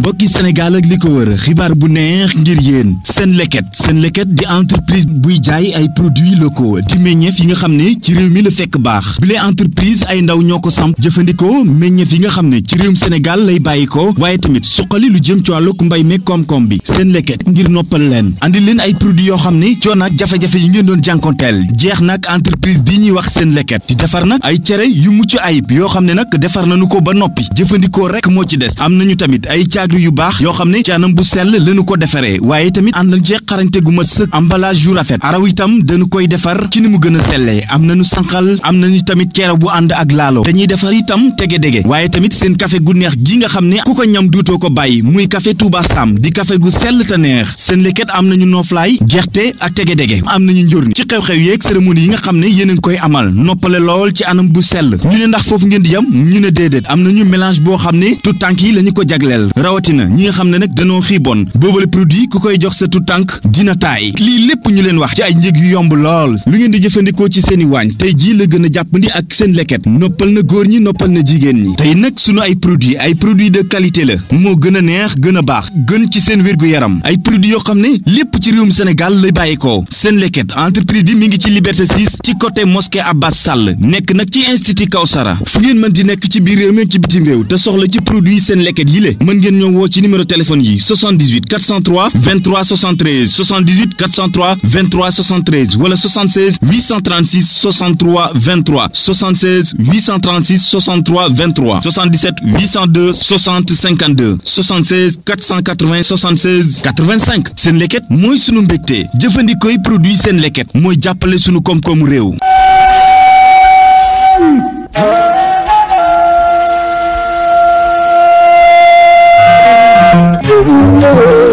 mbokki Sénégal ak li ko wër xibaar bu neex ngir yéen seen leket seen leket di entreprise buy jaay ay produits locaux di meññeef yi nga xam ne ci réew mi la fekk baax lee entreprise ay ndaw ñoo ko samp jëfandikoo meññeef yi nga xam ne ci réewum Sénégal lay bàyyi ko waaye tamit suqali lu jëm ci wàllug mbay meeg koom-koom bi seen leket ngir noppal leen andi leen ay produit yoo xam ne coono ak jafe-jafe yi ngeen doon jànkonteel jeex nag entreprise bii ñuy wax seen leket defar nag ay cere yu mucc ayib yoo xam ne nag defar nañu ko ba noppi jëfandikoo rek moo ci des am nañu tamit ay produit yu baax yoo xam ne ci anam bu sell lañu ko defaree waaye tamit ànd na jeex xarañte gu mat sëkk emballage yu rafet araw itam dañu koy defar ci ni mu gën a sellee am nañu sànqal am nañu tamit ceere bu ànd ak laalo dañuy defar itam tege dege waaye tamit seen café gu neex gi nga xam ne ku ko ñam duutoo ko bàyyi muy café Touba Sam di café gu sell te neex seen lekket am nañu nooflaay jeexte ak tege dege am nañu njurni ci xew-xew yeeg cérémonie yi nga xam ne yéen a ngi koy amal noppale lool ci anam bu sell ñu ne ndax foofu ngeen di yam ñu ne boo xam ne tout tànk yi lañu rawatina ñi nga xam ne nag dañoo xiibon boobale produit ku koy jox sa tu tànk dina taay lii lépp ñu leen wax ci seen i waañ tey jii la gën a jàppandi ak seen leket noppal na góor ñi noppal na jigéen ñi tey nag sunu ay produit ay produit de qualité la moo gën a neex gën a baax gën ci seen wér-gu-yaram ay produit yoo xam ne lépp ci réewum Sénégal lay bàyyikoo seen leket entreprise bi mu ngi ci liberté 6 ci côté mosquée Abbas Sall nekk nag ci institut Kawsara fu ngeen mën di nekk ci biir réew mi ci bitim réew te soxla ci produit seen leket yi le mën ngeen ñëw Ou numéro téléphone 78 403 23 73 78 403 23 73 voilà 76 836 63 23 76 836 63 23 77 802 60 52 76 480 76 85 seen leket mooy sunu mbégte jëfandikooy produit seen leket mooy jàppale sunu koom-koomu Oh, my God.